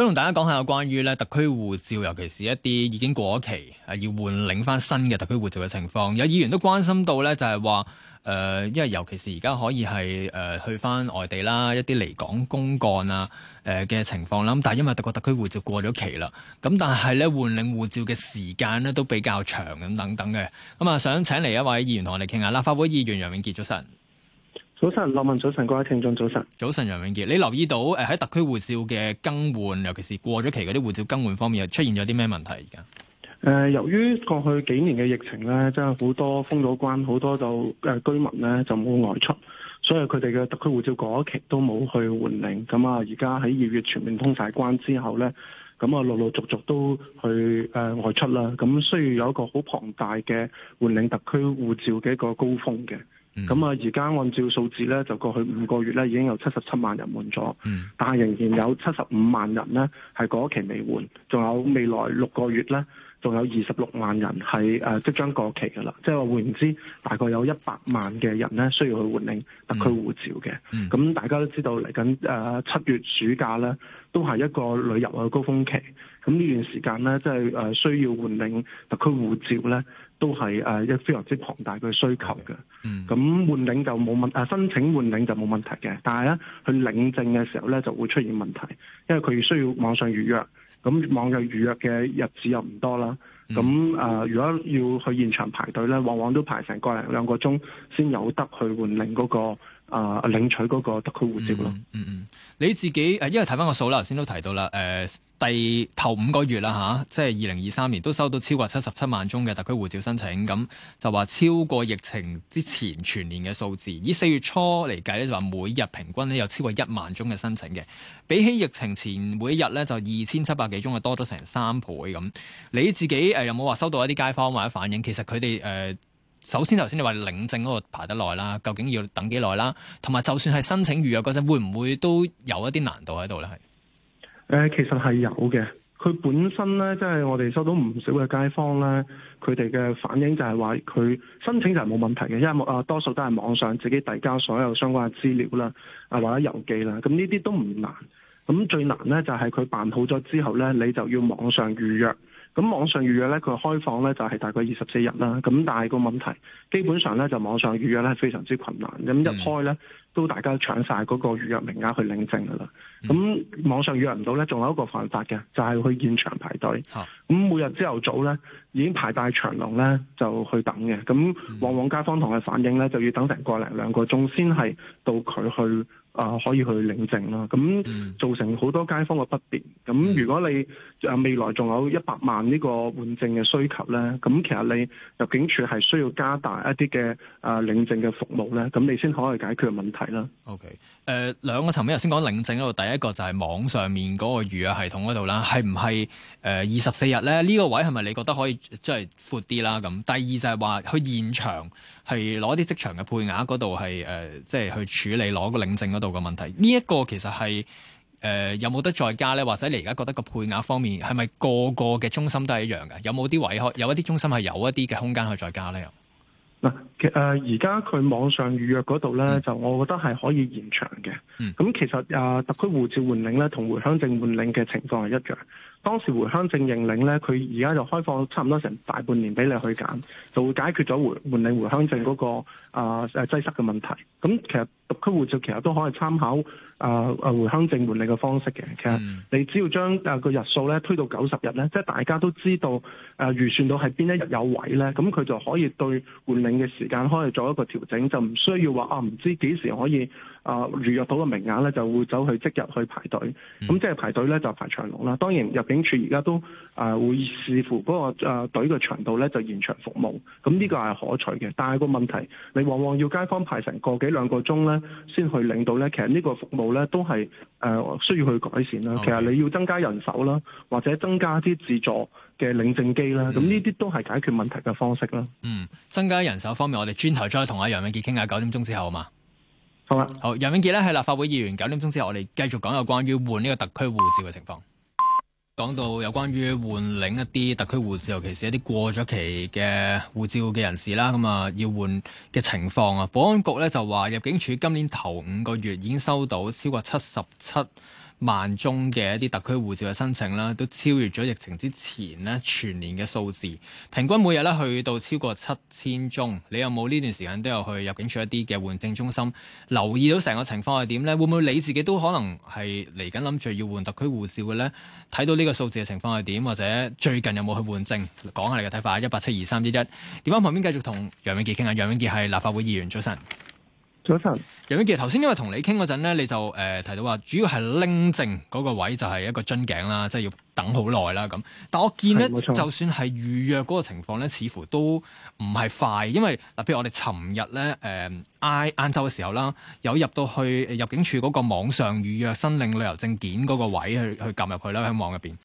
想同大家講下關於咧特區護照，尤其是一啲已經過咗期，係要換領翻新嘅特區護照嘅情況。有議員都關心到咧，就係話，誒，因為尤其是而家可以係誒、呃、去翻外地啦，一啲離港公幹啊，誒、呃、嘅情況啦。咁但係因為特國特區護照過咗期啦，咁但係咧換領護照嘅時間咧都比較長咁等等嘅。咁、嗯、啊，想請嚟一位議員同我哋傾下，立法會議員楊永杰早晨。早晨，羅文早晨，各位聽眾早晨。早晨，楊永杰，你留意到誒喺、呃、特區護照嘅更換，尤其是過咗期嗰啲護照更換方面，又出現咗啲咩問題？而家誒、呃，由於過去幾年嘅疫情咧，真係好多封咗關，好多就誒、呃、居民咧就冇外出，所以佢哋嘅特區護照過咗期都冇去換領。咁啊，而家喺二月全面通晒關之後咧，咁啊陸陸續續都去誒、呃、外出啦。咁需要有一個好龐大嘅換領特區護照嘅一個高峰嘅。咁啊，而家、嗯、按照數字咧，就過去五個月咧，已經有七十七萬人換咗，嗯、但係仍然有七十五萬人咧係過期未換，仲有未來六個月咧，仲有二十六萬人係誒即將過期噶啦，即係話換言之，大概有一百萬嘅人咧需要去換領特區護照嘅。咁、嗯、大家都知道嚟緊誒七月暑假咧，都係一個旅遊嘅高峰期。咁呢段時間咧，即係誒需要換領特區護照咧，都係誒一非常之龐大嘅需求嘅。咁、Okay. Mm-hmm. 換領就冇問誒，申請換領就冇問題嘅。但係咧，去領證嘅時候咧，就會出現問題，因為佢需要網上預約，咁網上預約嘅日子又唔多啦。咁誒、Mm-hmm. 呃，如果要去現場排隊咧，往往都排成個零兩個鐘先有得去換領嗰、那個。啊！領取嗰個特區護照咯。嗯嗯，你自己誒，因為睇翻個數啦，頭先都提到啦，誒、呃，第頭五個月啦吓，即係二零二三年都收到超過七十七萬宗嘅特區護照申請，咁就話超過疫情之前全年嘅數字。以四月初嚟計咧，就話每日平均咧有超過一萬宗嘅申請嘅，比起疫情前每一日咧就二千七百幾宗啊，多咗成三倍咁。你自己誒、呃、有冇話收到一啲街坊或者反映？其實佢哋誒。呃首先，頭先你話領證嗰個排得耐啦，究竟要等幾耐啦？同埋，就算係申請預約嗰陣，會唔會都有一啲難度喺度咧？係誒、呃，其實係有嘅。佢本身咧，即係我哋收到唔少嘅街坊咧，佢哋嘅反應就係話佢申請就係冇問題嘅，因為啊多數都係網上自己遞交所有相關嘅資料啦，啊或者郵寄啦，咁呢啲都唔難。咁最難咧就係佢辦好咗之後咧，你就要網上預約。咁網上預約咧，佢開放咧就係、是、大概二十四日啦。咁但係個問題，基本上咧就網上預約咧非常之困難。咁一開咧都大家搶晒嗰個預約名額去領證噶啦。咁、嗯、網上預約唔到咧，仲有一個辦法嘅，就係、是、去現場排隊。咁、啊、每日朝頭早咧已經排大長龍咧，就去等嘅。咁往往街坊同佢反映咧，就要等成個零兩個鐘先係到佢去。啊、呃，可以去領證啦，咁造成好多街坊嘅不便。咁如果你啊未來仲有一百萬呢個換證嘅需求咧，咁其實你入境處係需要加大一啲嘅啊領證嘅服務咧，咁你先可以去解決問題啦。OK，誒、呃、兩個層面，頭先講領證嗰度，第一個就係網上面嗰個預約系統嗰度啦，係唔係誒二十四日咧？呃、呢、呢個位係咪你覺得可以即係闊啲啦？咁、呃、第二就係話去現場係攞啲職場嘅配額嗰度係誒即係去處理攞個領證度嘅問題，呢一個其實係誒、呃、有冇得再加呢？或者你而家覺得個配額方面係咪個個嘅中心都係一樣嘅？有冇啲位，可有一啲中心係有一啲嘅空間去再加呢？又嗱，誒而家佢網上預約嗰度呢，嗯、就我覺得係可以延長嘅。咁、嗯、其實啊，特區護照換領呢，同回鄉證換領嘅情況係一樣。當時回鄉證認領咧，佢而家就開放差唔多成大半年俾你去揀，就會解決咗回換領回鄉證嗰、那個啊擠、呃呃、塞嘅問題。咁其實特區護照其實都可以參考啊啊回鄉證換領嘅方式嘅。嗯、其實你只要將啊個、呃、日數咧推到九十日咧，即係大家都知道誒、呃、預算到係邊一日有位咧，咁佢就可以對換領嘅時間可以做一個調整，就唔需要話啊唔知幾時可以。啊，預約到個名額咧，就會走去即日去排隊，咁即係排隊咧就排長龍啦。當然入境處而家都啊會視乎嗰個啊隊嘅長度咧，就延長服務，咁呢個係可取嘅。但係個問題，你往往要街坊排成個幾兩個鐘咧，先去領到咧。其實呢個服務咧都係誒需要去改善啦。其實你要增加人手啦，或者增加啲自助嘅領證機啦，咁呢啲都係解決問題嘅方式啦。嗯，增加人手方面，我哋轉頭再同阿楊永杰傾下九點鐘之後嘛。好,好，楊永杰咧係立法會議員，九點鐘之後我哋繼續講有關於換呢個特區護照嘅情況。講到有關於換領一啲特區護照，尤其是一啲過咗期嘅護照嘅人士啦，咁啊要換嘅情況啊，保安局咧就話入境處今年頭五個月已經收到超過七十七。萬宗嘅一啲特區護照嘅申請啦，都超越咗疫情之前呢全年嘅數字，平均每日呢去到超過七千宗。你有冇呢段時間都有去入境處一啲嘅換證中心留意到成個情況係點呢？會唔會你自己都可能係嚟緊諗住要換特區護照嘅呢？睇到呢個數字嘅情況係點，或者最近有冇去換證？講下你嘅睇法，一八七二三一一。電話旁邊繼續同楊永杰傾下，楊永杰係立法會議員，早晨。早晨，楊永杰，頭先因為同你傾嗰陣咧，你就誒、呃、提到話，主要係拎證嗰個位就係、是、一個樽頸啦，即係要等好耐啦咁。但我見咧，就算係預約嗰個情況咧，似乎都唔係快，因為嗱，譬如我哋尋日咧，誒、呃，晏晏晝嘅時候啦，有入到去入境處嗰個網上預約申領旅遊證件嗰個位去去撳入去啦，喺網入邊。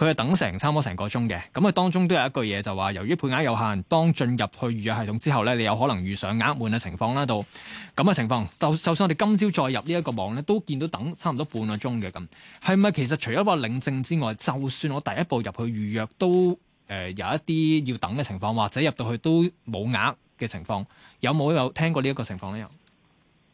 佢係等成差唔多成個鐘嘅，咁啊當中都有一句嘢，就話，由於配額有限，當進入去預約系統之後呢，你有可能遇上額滿嘅情況啦，到咁嘅情況。就就算我哋今朝再入呢一個網呢，都見到等差唔多半個鐘嘅咁。係咪其實除咗個領證之外，就算我第一步入去預約都誒、呃、有一啲要等嘅情況，或者入到去都冇額嘅情況，有冇有，有聽過呢一個情況呢？有？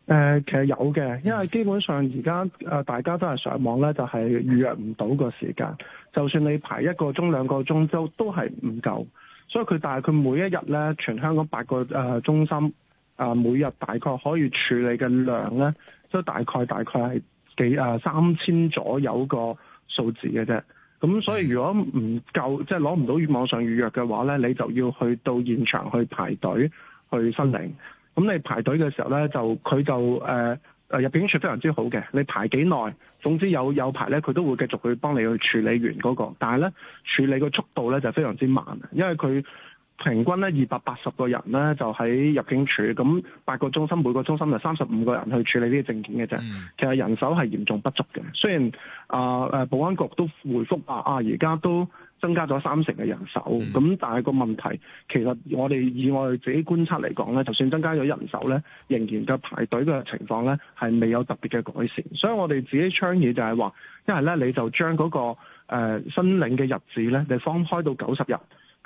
誒、呃、其實有嘅，因為基本上而家誒大家都係上網咧，就係、是、預約唔到個時間。就算你排一個鐘兩個鐘，都都係唔夠。所以佢大概每一日咧，全香港八個誒、呃、中心啊、呃，每日大概可以處理嘅量咧，都大概大概係幾誒、呃、三千左右個數字嘅啫。咁所以如果唔夠，即係攞唔到網上預約嘅話咧，你就要去到現場去排隊去申領。嗯。咁、嗯、你排隊嘅時候咧，就佢就誒誒、呃、入境處非常之好嘅，你排幾耐，總之有有排咧，佢都會繼續去幫你去處理完嗰、那個。但係咧，處理嘅速度咧就非常之慢，因為佢平均咧二百八十個人咧就喺入境處，咁八個中心每個中心就三十五個人去處理呢啲證件嘅啫。其實人手係嚴重不足嘅。雖然啊誒、呃、保安局都回覆話啊，而、啊、家都。增加咗三成嘅人手，咁但係個問題，其實我哋以我哋自己觀察嚟講，咧，就算增加咗人手咧，仍然嘅排隊嘅情況咧，係未有特別嘅改善。所以我哋自己倡議就係話，一係咧你就將嗰、個誒、呃、申領嘅日子咧，你放開到九十日。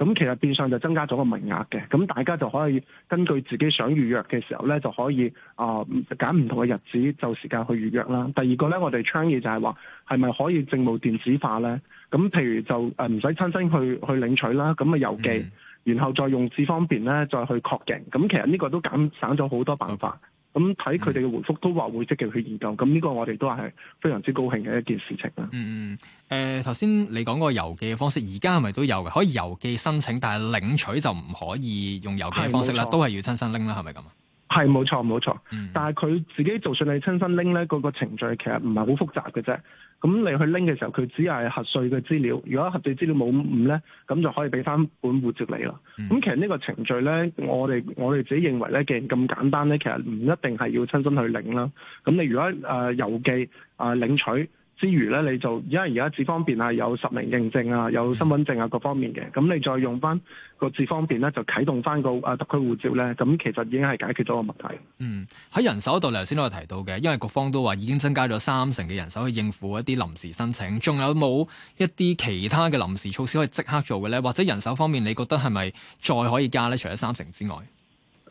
咁其實變相就增加咗個名額嘅，咁大家就可以根據自己想預約嘅時候咧，就可以啊揀唔同嘅日子就時間去預約啦。第二個咧，我哋倡議就係話係咪可以政務電子化咧？咁譬如就誒唔使親身去去領取啦，咁啊郵寄，然後再用智方便咧再去確認。咁其實呢個都減省咗好多辦法。嗯咁睇佢哋嘅回覆都話會積極去研究，咁呢個我哋都係非常之高興嘅一件事情啦。嗯嗯，誒頭先你講個郵寄嘅方式，而家係咪都有嘅？可以郵寄申請，但係領取就唔可以用郵寄嘅方式啦，都係要親身拎啦，係咪咁啊？係，冇錯冇錯，但係佢自己就算你親身拎咧，嗰、那個程序其實唔係好複雜嘅啫。咁你去拎嘅時候，佢只係核稅嘅資料。如果核稅資料冇誤咧，咁就可以俾翻本護照你啦。咁其實呢個程序咧，我哋我哋自己認為咧，既然咁簡單咧，其實唔一定係要親身去領啦。咁你如果誒、呃、郵寄啊、呃、領取。之餘咧，你就因為而家智方便啊，有實名認證啊，有身份證啊，各方面嘅咁，你再用翻個智方便咧，就啟動翻個啊特區護照咧，咁其實已經係解決咗個問題。嗯，喺人手度，你頭先都有提到嘅，因為各方都話已經增加咗三成嘅人手去應付一啲臨時申請，仲有冇一啲其他嘅臨時措施可以即刻做嘅咧？或者人手方面，你覺得係咪再可以加咧？除咗三成之外？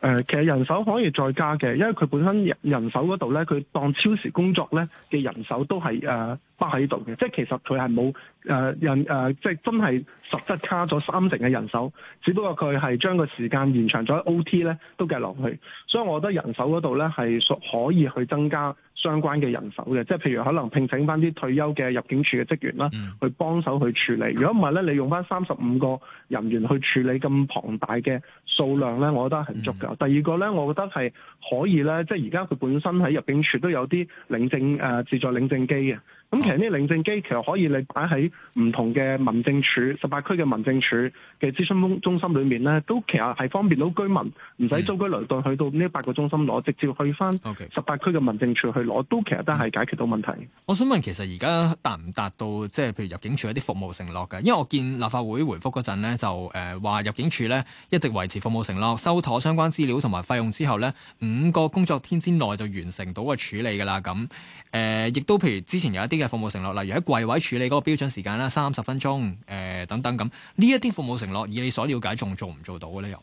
誒、呃，其實人手可以再加嘅，因為佢本身人，人手嗰度咧，佢當超時工作咧嘅人手都係誒唔喺度嘅，即係其實佢係冇。誒人誒，即係真係實質卡咗三成嘅人手，只不過佢係將個時間延長咗。OT 咧都計落去，所以我覺得人手嗰度咧係可可以去增加相關嘅人手嘅，即係譬如可能聘請翻啲退休嘅入境處嘅職員啦，去幫手去處理。如果唔係咧，你用翻三十五個人員去處理咁龐大嘅數量咧，我覺得係唔足夠。第二個咧，我覺得係可以咧，即係而家佢本身喺入境處都有啲領證誒、呃、自助領證機嘅。咁、嗯、其實呢啲領證機其實可以你擺喺唔同嘅民政處，十八區嘅民政處嘅諮詢中心裏面咧，都其實係方便到居民唔使舟車勞頓去到呢八個中心攞，直接去翻十八區嘅民政處去攞，都其實都係解決到問題。我想問其實而家達唔達到即係譬如入境處一啲服務承諾嘅？因為我見立法會回覆嗰陣咧，就誒話、呃、入境處咧一直維持服務承諾，收妥相關資料同埋費用之後咧，五個工作天之內就完成到個處理㗎啦。咁誒亦都譬如之前有一啲。嘅服務承諾，例如喺櫃位處理嗰個標準時間啦，三十分鐘，誒、呃、等等咁，呢一啲服務承諾，以你所了解，仲做唔做到嘅咧？又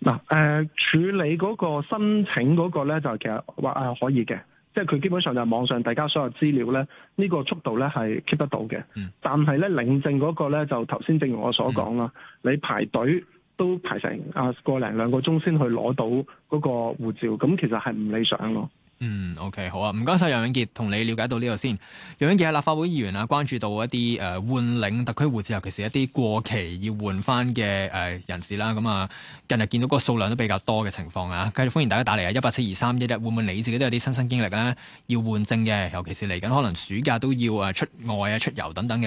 嗱、呃，誒處理嗰個申請嗰個咧，就其實話誒、呃、可以嘅，即係佢基本上就網上提交所有資料咧，呢、這個速度咧係 keep 得到嘅。嗯、但係咧領證嗰個咧，就頭先正如我所講啦，嗯、你排隊都排成啊個零兩個鐘先去攞到嗰個護照，咁其實係唔理想咯。嗯，OK，好啊，唔該晒。楊永杰同你了解到呢度先。楊永杰係立法會議員啊，關注到一啲誒、呃、換領特區護照，尤其是一啲過期要換翻嘅誒人士啦。咁啊，近日見到個數量都比較多嘅情況啊，繼續歡迎大家打嚟啊，一八七二三一一，會唔會你自己都有啲親身經歷咧？要換證嘅，尤其是嚟緊可能暑假都要誒出外啊、出遊等等嘅。